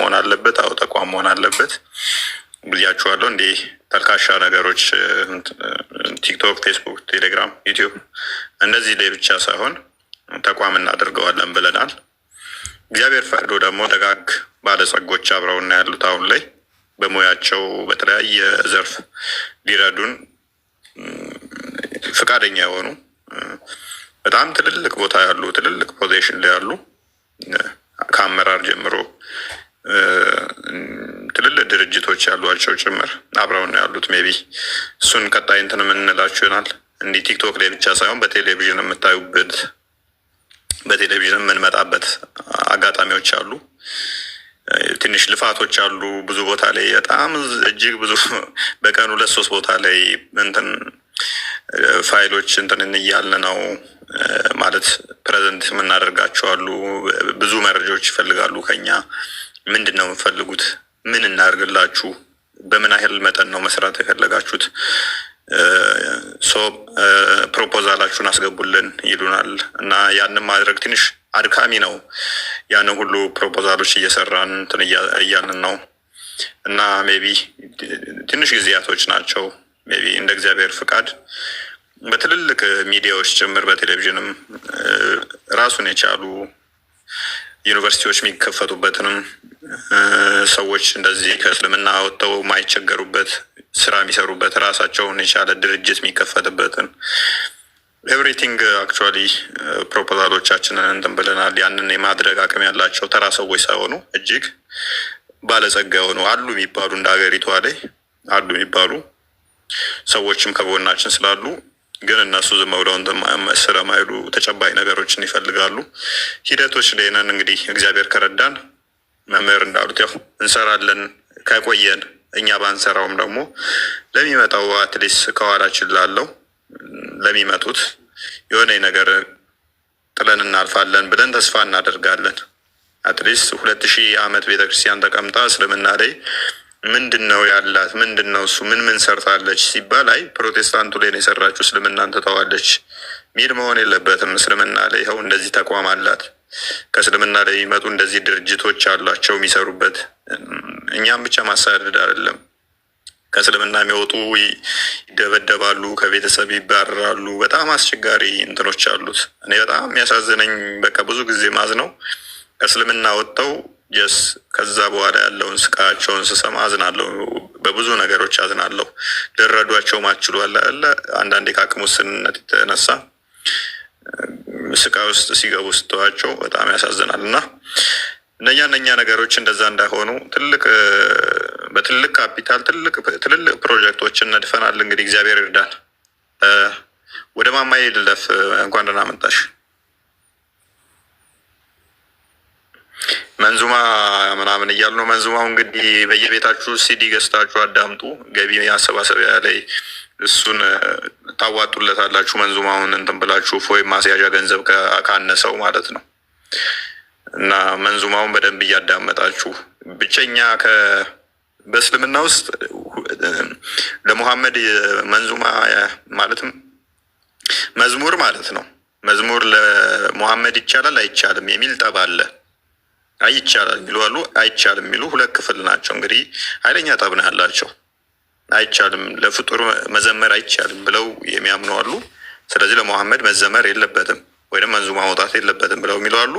መሆን አለበት። አዎ ተቋም መሆን አለበት ብያችኋለሁ። እንደ ተልካሻ ነገሮች ቲክቶክ፣ ፌስቡክ፣ ቴሌግራም፣ ዩቲዩብ እንደዚህ ላይ ብቻ ሳይሆን ተቋም እናደርገዋለን ብለናል። እግዚአብሔር ፈቅዶ ደግሞ ደጋግ ባለጸጎች አብረውና ያሉት አሁን ላይ በሙያቸው በተለያየ ዘርፍ ሊረዱን ፈቃደኛ የሆኑ በጣም ትልልቅ ቦታ ያሉ ትልልቅ ፖዚሽን ላይ ያሉ ከአመራር ጀምሮ ትልልቅ ድርጅቶች ያሏቸው ጭምር አብረው ነው ያሉት። ሜቢ እሱን ቀጣይ እንትን የምንላችሁ ይሆናል። እንዲህ ቲክቶክ ላይ ብቻ ሳይሆን በቴሌቪዥን የምታዩበት በቴሌቪዥን የምንመጣበት አጋጣሚዎች አሉ። ትንሽ ልፋቶች አሉ። ብዙ ቦታ ላይ በጣም እጅግ ብዙ በቀን ሁለት ሶስት ቦታ ላይ እንትን ፋይሎች እንትን እያልን ነው ማለት ፕሬዘንት የምናደርጋቸው አሉ። ብዙ መረጃዎች ይፈልጋሉ ከኛ ምንድን ነው የምፈልጉት? ምን እናደርግላችሁ? በምን ያህል መጠን ነው መስራት የፈለጋችሁት? ሶ ፕሮፖዛላችሁን አስገቡልን ይሉናል እና ያንን ማድረግ ትንሽ አድካሚ ነው። ያንን ሁሉ ፕሮፖዛሎች እየሰራን እንትን እያልን ነው እና ቢ ትንሽ ጊዜያቶች ናቸው። ቢ እንደ እግዚአብሔር ፍቃድ በትልልቅ ሚዲያዎች ጭምር በቴሌቪዥንም ራሱን የቻሉ ዩኒቨርሲቲዎች የሚከፈቱበትንም ሰዎች እንደዚህ ከእስልምና ወጥተው የማይቸገሩበት ስራ የሚሰሩበት ራሳቸውን የቻለ ድርጅት የሚከፈትበትን ኤቭሪቲንግ አክቹዋሊ ፕሮፖዛሎቻችንን እንትን ብለናል። ያንን የማድረግ አቅም ያላቸው ተራ ሰዎች ሳይሆኑ እጅግ ባለጸጋ የሆኑ አሉ የሚባሉ እንደ ሀገሪቷ ላይ አሉ የሚባሉ ሰዎችም ከጎናችን ስላሉ ግን እነሱ ዝም ብለው ስለማይሉ ተጨባጭ ነገሮችን ይፈልጋሉ። ሂደቶች ላይ ነን እንግዲህ እግዚአብሔር ከረዳን መምህር እንዳሉት ያው እንሰራለን ከቆየን እኛ ባንሰራውም ደግሞ ለሚመጣው አትሊስት ከኋላችን ላለው ለሚመጡት የሆነ ነገር ጥለን እናልፋለን ብለን ተስፋ እናደርጋለን። አትሊስት ሁለት ሺህ ዓመት ቤተክርስቲያን ተቀምጣ እስልምና ላይ ምንድን ነው ያላት? ምንድን ነው እሱ ምን ምን ሰርታለች ሲባል አይ ፕሮቴስታንቱ ላይ ነው የሰራችው፣ እስልምናን ትተዋለች ሚል መሆን የለበትም። እስልምና ላይ ይኸው እንደዚህ ተቋም አላት፣ ከእስልምና ላይ የሚመጡ እንደዚህ ድርጅቶች አሏቸው የሚሰሩበት። እኛም ብቻ ማሳደድ አይደለም። ከእስልምና የሚወጡ ይደበደባሉ፣ ከቤተሰብ ይባረራሉ። በጣም አስቸጋሪ እንትኖች አሉት። እኔ በጣም የሚያሳዝነኝ በቃ ብዙ ጊዜ ማዝ ነው ከእስልምና ወጥተው ጀስ ከዛ በኋላ ያለውን ስቃቸውን ስሰማ አዝናለሁ። በብዙ ነገሮች አዝናለሁ። ልረዷቸው ማችሉ አለ አንዳንዴ ከአቅም ውስንነት የተነሳ ስቃይ ውስጥ ሲገቡ ስተዋቸው በጣም ያሳዝናል እና እነኛ እነኛ ነገሮች እንደዛ እንዳይሆኑ ትልቅ በትልቅ ካፒታል ትልቅ ትልልቅ ፕሮጀክቶችን ነድፈናል። እንግዲህ እግዚአብሔር ይርዳል። ወደ ማማዬ ልለፍ። እንኳን ደህና መጣሽ። መንዙማ ምናምን እያሉ ነው። መንዙማው እንግዲህ በየቤታችሁ ሲዲ ገዝታችሁ አዳምጡ። ገቢ ማሰባሰቢያ ላይ እሱን ታዋጡለታላችሁ። መንዙማውን እንትን ብላችሁ ፎይ ማስያዣ ገንዘብ ካነሰው ማለት ነው እና መንዙማውን በደንብ እያዳመጣችሁ ብቸኛ በእስልምና ውስጥ ለሙሐመድ መንዙማ ማለትም መዝሙር ማለት ነው። መዝሙር ለሙሐመድ ይቻላል አይቻልም የሚል ጠብ አለ። አይ የሚሉ አሉ፣ አይቻልም የሚሉ ሁለት ክፍል ናቸው። እንግዲህ ኃይለኛ ጠብ ነው ያላቸው። አይቻልም ለፍጡር መዘመር አይቻልም ብለው የሚያምኑ አሉ። ስለዚህ ለመሐመድ መዘመር የለበትም ወይም መንዙማ መውጣት የለበትም ብለው የሚሉ አሉ።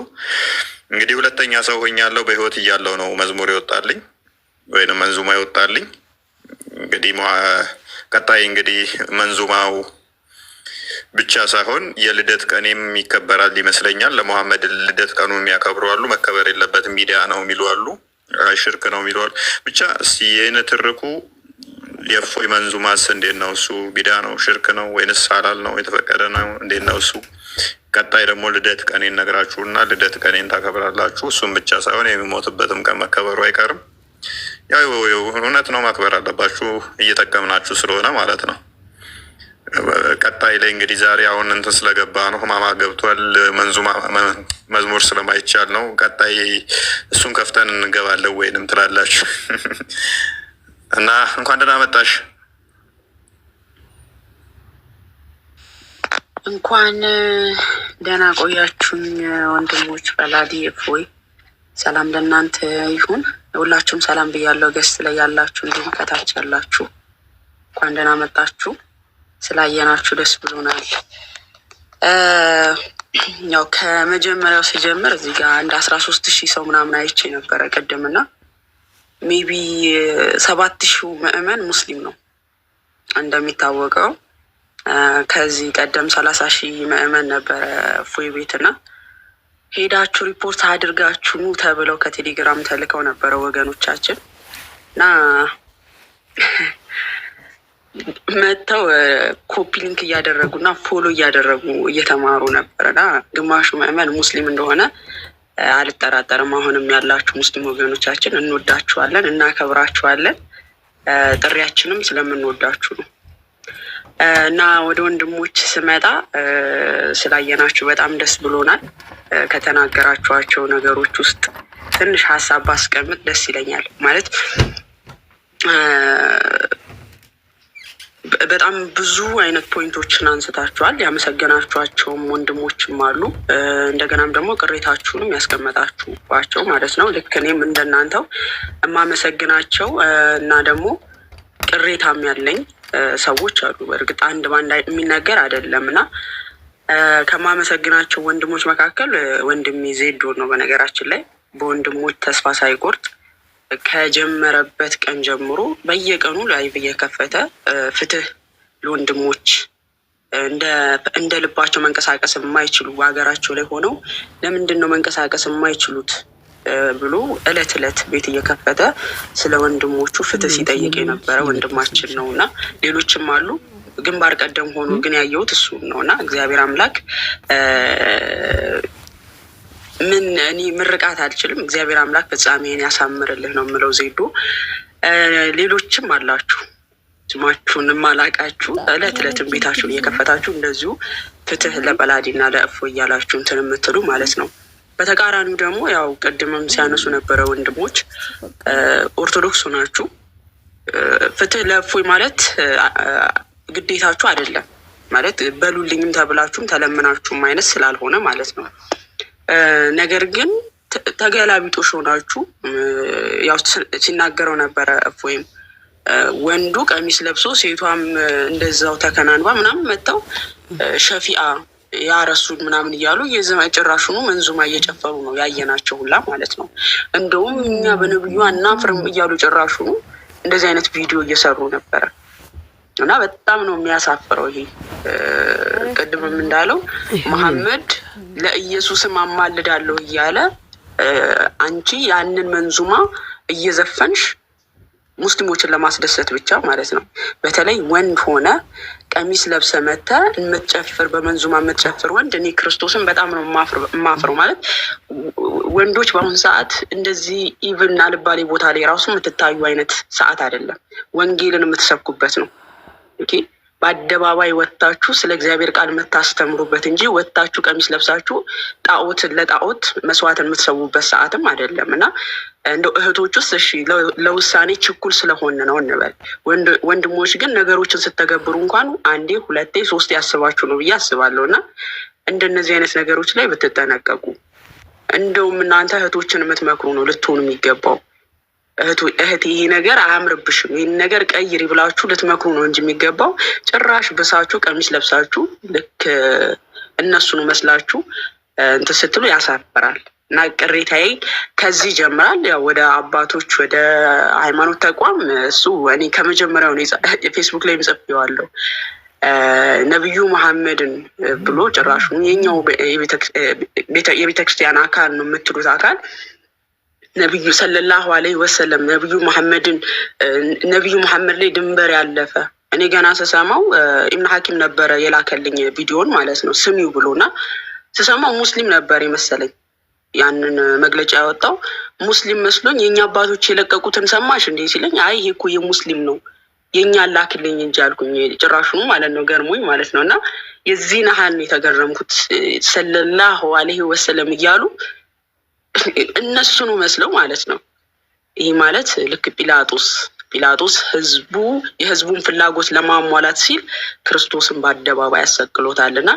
እንግዲህ ሁለተኛ ሰው ሆኛለሁ በህይወት እያለው ነው መዝሙር ይወጣልኝ ወይም መንዙማ ይወጣልኝ። እንግዲህ ቀጣይ እንግዲህ መንዙማው ብቻ ሳይሆን የልደት ቀኔም ይከበራል ይመስለኛል። ለመሐመድ ልደት ቀኑ የሚያከብሩ አሉ። መከበር የለበትም ሚዲያ ነው የሚሉ አሉ። ሽርክ ነው የሚሉ አሉ። ብቻ የእነ ትርኩ የፎይ መንዙማስ እንዴት ነው እሱ? ቢዳ ነው ሽርክ ነው ወይንስ ሐላል ነው የተፈቀደ ነው? እንዴት ነው እሱ? ቀጣይ ደግሞ ልደት ቀኔን ነግራችሁና ልደት ቀኔን ታከብራላችሁ። እሱም ብቻ ሳይሆን የሚሞትበትም ቀን መከበሩ አይቀርም። ያው እውነት ነው ማክበር አለባችሁ፣ እየጠቀምናችሁ ስለሆነ ማለት ነው። ቀጣይ ላይ እንግዲህ ዛሬ አሁን እንትን ስለገባ ነው ህማማ ገብቷል። መዝሙር ስለማይቻል ነው። ቀጣይ እሱን ከፍተን እንገባለን ወይንም ትላላችሁ እና እንኳን ደህና መጣሽ። እንኳን ደህና ቆያችሁኝ ወንድሞች። በላዲ እፎይ ሰላም ለእናንተ ይሁን። ሁላችሁም ሰላም ብያለሁ። ገስት ላይ ያላችሁ እንዲሁም ከታች ያላችሁ እንኳን ደህና መጣችሁ። ስላየናችሁ ደስ ብሎናል። ያው ከመጀመሪያው ሲጀምር እዚህ ጋር እንደ አስራ ሶስት ሺህ ሰው ምናምን አይቼ ነበረ ቅድምና ሜቢ ሰባት ሺው ምዕመን ሙስሊም ነው እንደሚታወቀው ከዚህ ቀደም ሰላሳ ሺህ ምዕመን ነበረ ፎይ ቤት እና ሄዳችሁ ሪፖርት አድርጋችሁ ኑ ተብለው ከቴሌግራም ተልከው ነበረ ወገኖቻችን እና መጥተው ኮፒ ሊንክ እና ፎሎ እያደረጉ እየተማሩ ነበርና ግማሹ ምዕመን ሙስሊም እንደሆነ አልጠራጠርም። አሁንም ያላችሁ ሙስሊም ወገኖቻችን እንወዳችኋለን፣ እናከብራችኋለን። ጥሪያችንም ስለምንወዳችሁ ነው እና ወደ ወንድሞች ስመጣ ስላየናችሁ በጣም ደስ ብሎናል። ከተናገራችኋቸው ነገሮች ውስጥ ትንሽ ሀሳብ ባስቀምጥ ደስ ይለኛል ማለት በጣም ብዙ አይነት ፖይንቶችን አንስታችኋል። ያመሰገናችኋቸውም ወንድሞችም አሉ። እንደገናም ደግሞ ቅሬታችሁንም ያስቀመጣችሁባቸው ማለት ነው። ልክ እኔም እንደናንተው የማመሰግናቸው እና ደግሞ ቅሬታም ያለኝ ሰዎች አሉ። በእርግጥ አንድ ባንድ የሚነገር አይደለም እና ከማመሰግናቸው ወንድሞች መካከል ወንድሜ ዜዶ ነው። በነገራችን ላይ በወንድሞች ተስፋ ሳይቆርጥ ከጀመረበት ቀን ጀምሮ በየቀኑ ላይቭ እየከፈተ ፍትህ ለወንድሞች እንደ ልባቸው መንቀሳቀስ የማይችሉ ሀገራቸው ላይ ሆነው ለምንድን ነው መንቀሳቀስ የማይችሉት ብሎ እለት እለት ቤት እየከፈተ ስለ ወንድሞቹ ፍትህ ሲጠይቅ የነበረ ወንድማችን ነው እና ሌሎችም አሉ። ግንባር ቀደም ሆኖ ግን ያየሁት እሱ ነው እና እግዚአብሔር አምላክ ምን እኔ ምርቃት አልችልም። እግዚአብሔር አምላክ ፍጻሜን ያሳምርልህ ነው የምለው። ዜዶ ሌሎችም አላችሁ ስማችሁን ማላቃችሁ እለት እለትም ቤታችሁን እየከፈታችሁ እንደዚሁ ፍትህ ለበላዲና ለእፎ እያላችሁ እንትን የምትሉ ማለት ነው። በተቃራኒው ደግሞ ያው ቅድምም ሲያነሱ ነበረ ወንድሞች ኦርቶዶክስ ሆናችሁ ፍትህ ለእፎይ ማለት ግዴታችሁ አይደለም ማለት በሉልኝም ተብላችሁም ተለምናችሁም አይነት ስላልሆነ ማለት ነው። ነገር ግን ተገላቢጦሽ ሆናችሁ ያው ሲናገረው ነበረ ወይም ወንዱ ቀሚስ ለብሶ ሴቷም እንደዛው ተከናንባ ምናምን መጥተው ሸፊአ ያረሱ ምናምን እያሉ ጭራሹኑ መንዙማ እየጨፈሩ ነው ያየናቸው ሁላ ማለት ነው። እንደውም እኛ በነብዩ አናፍርም እያሉ ጭራሹኑ እንደዚህ አይነት ቪዲዮ እየሰሩ ነበረ እና በጣም ነው የሚያሳፍረው ይሄ። ቅድምም እንዳለው መሐመድ ለኢየሱስም አማልዳለሁ እያለ አንቺ ያንን መንዙማ እየዘፈንሽ ሙስሊሞችን ለማስደሰት ብቻ ማለት ነው። በተለይ ወንድ ሆነ ቀሚስ ለብሰ መተ የምትጨፍር በመንዙማ የምትጨፍር ወንድ እኔ ክርስቶስን በጣም ነው የማፍረው። ማለት ወንዶች በአሁኑ ሰዓት እንደዚህ ኢቭን አልባሌ ቦታ ላይ ራሱ የምትታዩ አይነት ሰዓት አይደለም። ወንጌልን የምትሰብኩበት ነው። በአደባባይ ወጥታችሁ ስለ እግዚአብሔር ቃል የምታስተምሩበት እንጂ ወጥታችሁ ቀሚስ ለብሳችሁ ጣዖትን ለጣዖት መስዋዕት የምትሰዉበት ሰዓትም አይደለም እና እንደ እህቶች ውስጥ እሺ ለውሳኔ ችኩል ስለሆን ነው እንበል። ወንድሞች ግን ነገሮችን ስተገብሩ እንኳን አንዴ ሁለቴ ሶስቴ ያስባችሁ ነው ብዬ አስባለሁ እና እንደነዚህ አይነት ነገሮች ላይ ብትጠነቀቁ እንደውም እናንተ እህቶችን የምትመክሩ ነው ልትሆኑ የሚገባው። እህቱ እህት ይሄ ነገር አያምርብሽም፣ ይህን ነገር ቀይሪ ብላችሁ ልትመክሩ ነው እንጂ የሚገባው ጭራሽ ብሳችሁ ቀሚስ ለብሳችሁ ልክ እነሱን መስላችሁ እንትን ስትሉ ያሳፍራል። እና ቅሬታዬ ከዚህ ይጀምራል። ያው ወደ አባቶች ወደ ሃይማኖት ተቋም እሱ እኔ ከመጀመሪያው ፌስቡክ ላይ ምጽፌዋለሁ ነቢዩ መሐመድን ብሎ ጭራሹ የኛው የቤተክርስቲያን አካል ነው የምትሉት አካል ነቢዩ ሰለላሁ አለይሂ ወሰለም ነቢዩ መሐመድን ነቢዩ መሐመድ ላይ ድንበር ያለፈ እኔ ገና ስሰማው ኢብን ሐኪም ነበረ የላከልኝ ቪዲዮን ማለት ነው ስሚው ብሎና ስሰማው ሙስሊም ነበር የመሰለኝ ያንን መግለጫ ያወጣው ሙስሊም መስሎኝ የእኛ አባቶች የለቀቁትን ሰማሽ እንዴ ሲለኝ፣ አይ ይሄ እኮ የሙስሊም ነው የእኛ ላክልኝ እንጂ አልኩኝ። ጭራሹኑ ማለት ነው ገርሞኝ ማለት ነው። እና የዚህ ያህል የተገረምኩት። ሰለላሁ አለህ ወሰለም እያሉ እነሱኑ መስለው ማለት ነው። ይህ ማለት ልክ ጲላጦስ ጲላጦስ ህዝቡ የህዝቡን ፍላጎት ለማሟላት ሲል ክርስቶስን በአደባባይ ያሰቅሎታልና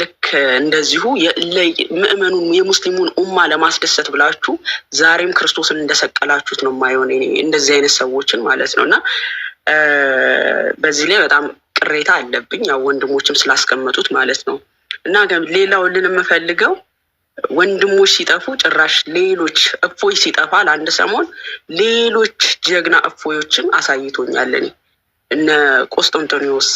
ልክ እንደዚሁ ምእመኑን የሙስሊሙን ኡማ ለማስደሰት ብላችሁ ዛሬም ክርስቶስን እንደሰቀላችሁት ነው የማይሆን እንደዚህ አይነት ሰዎችን ማለት ነው። እና በዚህ ላይ በጣም ቅሬታ አለብኝ ያው ወንድሞችም ስላስቀመጡት ማለት ነው። እና ሌላው ልን የምፈልገው ወንድሞች ሲጠፉ ጭራሽ ሌሎች እፎይ ሲጠፋ ለአንድ ሰሞን ሌሎች ጀግና እፎዮችን አሳይቶኛል። እኔ እነ ቆስጠንጦኒዎስ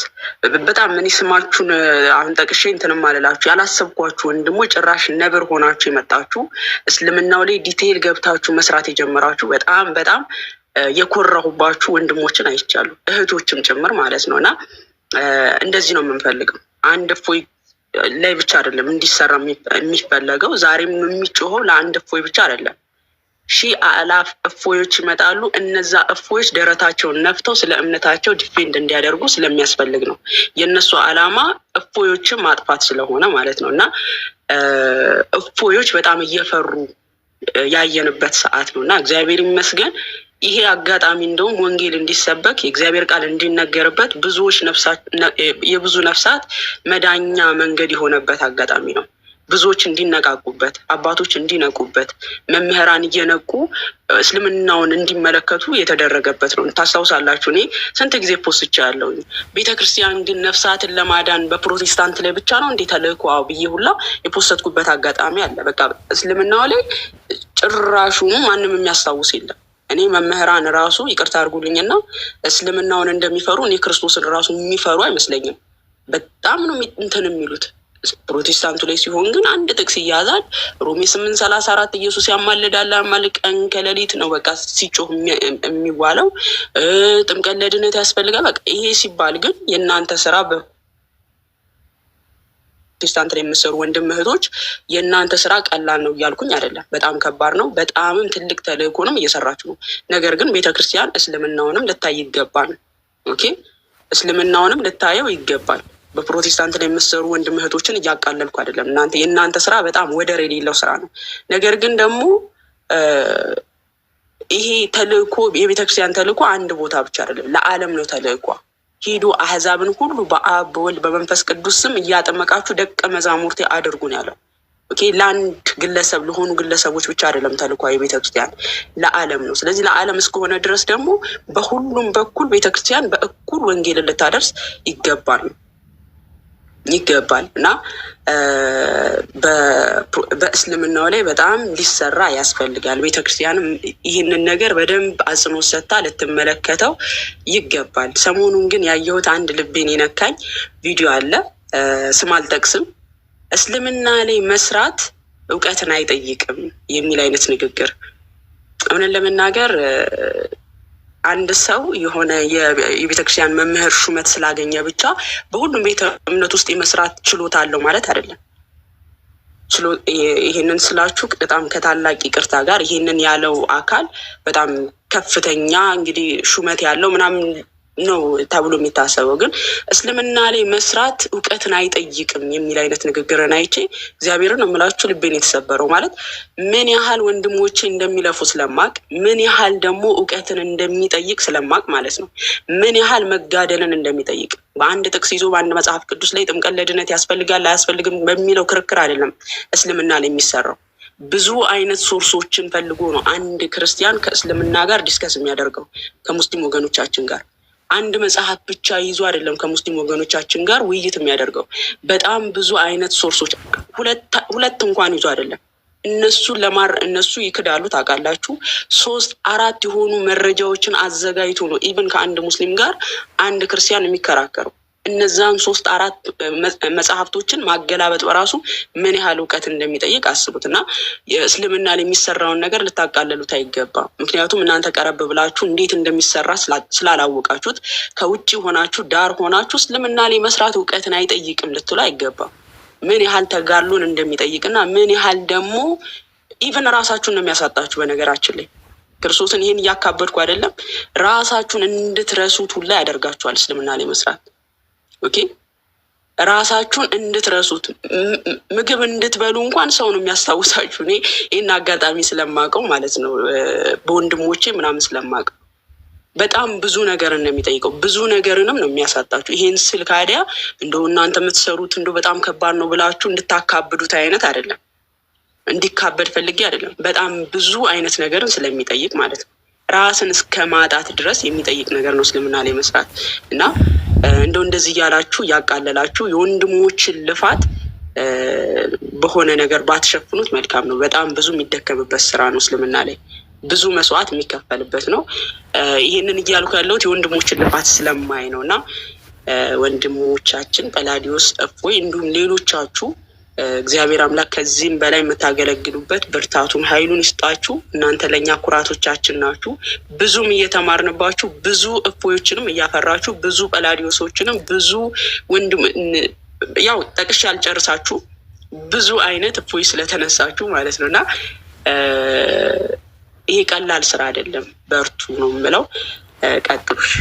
በጣም እኔ ስማችሁን አሁን ጠቅሼ እንትን ማለላችሁ ያላሰብኳችሁ ወንድሞች ጭራሽ ነብር ሆናችሁ የመጣችሁ እስልምናው ላይ ዲቴይል ገብታችሁ መስራት የጀመራችሁ በጣም በጣም የኮራሁባችሁ ወንድሞችን አይቻሉ እህቶችም ጭምር ማለት ነው እና እንደዚህ ነው የምንፈልግም አንድ እፎይ ላይ ብቻ አይደለም እንዲሰራ የሚፈለገው። ዛሬም የሚጮኸው ለአንድ እፎይ ብቻ አይደለም። ሺህ አላፍ እፎዮች ይመጣሉ። እነዛ እፎዮች ደረታቸውን ነፍተው ስለ እምነታቸው ዲፌንድ እንዲያደርጉ ስለሚያስፈልግ ነው። የእነሱ ዓላማ እፎዮችን ማጥፋት ስለሆነ ማለት ነው። እና እፎዮች በጣም እየፈሩ ያየንበት ሰዓት ነው እና እግዚአብሔር ይመስገን ይሄ አጋጣሚ እንደውም ወንጌል እንዲሰበክ የእግዚአብሔር ቃል እንዲነገርበት ብዙዎች የብዙ ነፍሳት መዳኛ መንገድ የሆነበት አጋጣሚ ነው። ብዙዎች እንዲነቃቁበት፣ አባቶች እንዲነቁበት፣ መምህራን እየነቁ እስልምናውን እንዲመለከቱ የተደረገበት ነው። ታስታውሳላችሁ፣ እኔ ስንት ጊዜ ፖስቻ ያለውኝ ቤተ ክርስቲያን ግን ነፍሳትን ለማዳን በፕሮቴስታንት ላይ ብቻ ነው እንዴት ተልእኮ ብዬ ሁላ የፖሰትኩበት አጋጣሚ አለ። በቃ እስልምናው ላይ ጭራሹ ማንም የሚያስታውስ የለም። እኔ መምህራን ራሱ ይቅርታ አድርጉልኝና እስልምናውን እንደሚፈሩ እኔ ክርስቶስን ራሱ የሚፈሩ አይመስለኝም። በጣም ነው እንትን የሚሉት። ፕሮቴስታንቱ ላይ ሲሆን ግን አንድ ጥቅስ ይያዛል። ሮሜ ስምንት ሰላሳ አራት ኢየሱስ ያማልዳል አማል ቀን ከሌሊት ነው በቃ ሲጮህ የሚዋለው። ጥምቀት ለድነት ያስፈልጋል። በቃ ይሄ ሲባል ግን የእናንተ ስራ ዲስታንት ላይ የምሰሩ ወንድም እህቶች የእናንተ ስራ ቀላል ነው እያልኩኝ አይደለም። በጣም ከባድ ነው። በጣምም ትልቅ ተልእኮንም እየሰራችሁ ነው። ነገር ግን ቤተክርስቲያን እስልምናውንም ልታይ ይገባል። ኦኬ፣ እስልምናውንም ልታየው ይገባል። በፕሮቴስታንት ላይ የምትሰሩ ወንድም እህቶችን እያቃለልኩ አይደለም። እናንተ የእናንተ ስራ በጣም ወደር የሌለው ስራ ነው። ነገር ግን ደግሞ ይሄ ተልእኮ የቤተክርስቲያን ተልእኮ አንድ ቦታ ብቻ አይደለም፣ ለዓለም ነው ተልእኳ። ሂዱ አህዛብን ሁሉ በአብ በወልድ በመንፈስ ቅዱስ ስም እያጠመቃችሁ ደቀ መዛሙርቴ አድርጉን ያለው። ኦኬ ለአንድ ግለሰብ ለሆኑ ግለሰቦች ብቻ አይደለም ተልኳ ቤተክርስቲያን ለዓለም ነው። ስለዚህ ለዓለም እስከሆነ ድረስ ደግሞ በሁሉም በኩል ቤተክርስቲያን በእኩል ወንጌል ልታደርስ ይገባል። ይገባል እና በእስልምናው ላይ በጣም ሊሰራ ያስፈልጋል። ቤተክርስቲያንም ይህንን ነገር በደንብ አጽንኦት ሰጥታ ልትመለከተው ይገባል። ሰሞኑን ግን ያየሁት አንድ ልቤን የነካኝ ቪዲዮ አለ። ስም አልጠቅስም። እስልምና ላይ መስራት እውቀትን አይጠይቅም የሚል አይነት ንግግር እውነት ለመናገር አንድ ሰው የሆነ የቤተክርስቲያን መምህር ሹመት ስላገኘ ብቻ በሁሉም ቤተ እምነት ውስጥ የመስራት ችሎታ አለው ማለት አይደለም። ይህንን ስላችሁ በጣም ከታላቅ ይቅርታ ጋር ይህንን ያለው አካል በጣም ከፍተኛ እንግዲህ ሹመት ያለው ምናምን ነው ተብሎ የሚታሰበው። ግን እስልምና ላይ መስራት እውቀትን አይጠይቅም የሚል አይነት ንግግርን አይቼ እግዚአብሔርን የምላችሁ ልቤን የተሰበረው ማለት ምን ያህል ወንድሞቼ እንደሚለፉ ስለማቅ፣ ምን ያህል ደግሞ እውቀትን እንደሚጠይቅ ስለማቅ ማለት ነው። ምን ያህል መጋደልን እንደሚጠይቅ በአንድ ጥቅስ ይዞ በአንድ መጽሐፍ ቅዱስ ላይ ጥምቀት ለድነት ያስፈልጋል አያስፈልግም በሚለው ክርክር አይደለም እስልምና ላይ የሚሰራው። ብዙ አይነት ሶርሶችን ፈልጎ ነው አንድ ክርስቲያን ከእስልምና ጋር ዲስከስ የሚያደርገው ከሙስሊም ወገኖቻችን ጋር አንድ መጽሐፍ ብቻ ይዞ አይደለም ከሙስሊም ወገኖቻችን ጋር ውይይት የሚያደርገው በጣም ብዙ አይነት ሶርሶች ሁለት እንኳን ይዞ አይደለም። እነሱ ለማር እነሱ ይክዳሉ ታውቃላችሁ። ሶስት አራት የሆኑ መረጃዎችን አዘጋጅቶ ነው ኢቨን ከአንድ ሙስሊም ጋር አንድ ክርስቲያን የሚከራከረው። እነዛን ሶስት አራት መጽሐፍቶችን ማገላበጥ በራሱ ምን ያህል እውቀት እንደሚጠይቅ አስቡት እና የእስልምና የሚሰራውን ነገር ልታቃለሉት አይገባም። ምክንያቱም እናንተ ቀረብ ብላችሁ እንዴት እንደሚሰራ ስላላወቃችሁት ከውጭ ሆናችሁ ዳር ሆናችሁ እስልምና ላይ መስራት እውቀትን አይጠይቅም ልትሉ አይገባም። ምን ያህል ተጋሉን እንደሚጠይቅና ምን ያህል ደግሞ ኢቨን ራሳችሁን ነው የሚያሳጣችሁ። በነገራችን ላይ ክርስቶስን ይህን እያካበድኩ አይደለም፣ ራሳችሁን እንድትረሱት ሁላ ያደርጋችኋል እስልምና ላይ መስራት ኦኬ ራሳችሁን እንድትረሱት ምግብ እንድትበሉ እንኳን ሰው ነው የሚያስታውሳችሁ። እኔ ይህን አጋጣሚ ስለማውቀው ማለት ነው በወንድሞቼ ምናምን ስለማውቀው በጣም ብዙ ነገርን ነው የሚጠይቀው። ብዙ ነገርንም ነው የሚያሳጣችሁ። ይሄን ስል ካዲያ እንደው እናንተ የምትሰሩት እንደው በጣም ከባድ ነው ብላችሁ እንድታካብዱት አይነት አይደለም፣ እንዲካበድ ፈልጌ አይደለም። በጣም ብዙ አይነት ነገርን ስለሚጠይቅ ማለት ነው ራስን እስከ ማጣት ድረስ የሚጠይቅ ነገር ነው እስልምና ላይ መስራት እና እንደው እንደዚህ እያላችሁ እያቃለላችሁ የወንድሞችን ልፋት በሆነ ነገር ባትሸፍኑት መልካም ነው። በጣም ብዙ የሚደከምበት ስራ ነው። እስልምና ላይ ብዙ መስዋዕት የሚከፈልበት ነው። ይህንን እያልኩ ያለሁት የወንድሞችን ልፋት ስለማይ ነው እና ወንድሞቻችን ጰላዲዮስ፣ እፎይ እንዲሁም ሌሎቻችሁ እግዚአብሔር አምላክ ከዚህም በላይ የምታገለግሉበት ብርታቱን ኃይሉን ይስጣችሁ። እናንተ ለእኛ ኩራቶቻችን ናችሁ። ብዙም እየተማርንባችሁ ብዙ እፎዮችንም እያፈራችሁ ብዙ ቀላዲዮሶችንም ብዙ ወንድም ያው ጠቅሼ አልጨርሳችሁ ብዙ አይነት እፎይ ስለተነሳችሁ ማለት ነው እና ይሄ ቀላል ስራ አይደለም። በርቱ ነው የምለው። ቀጥሉሽ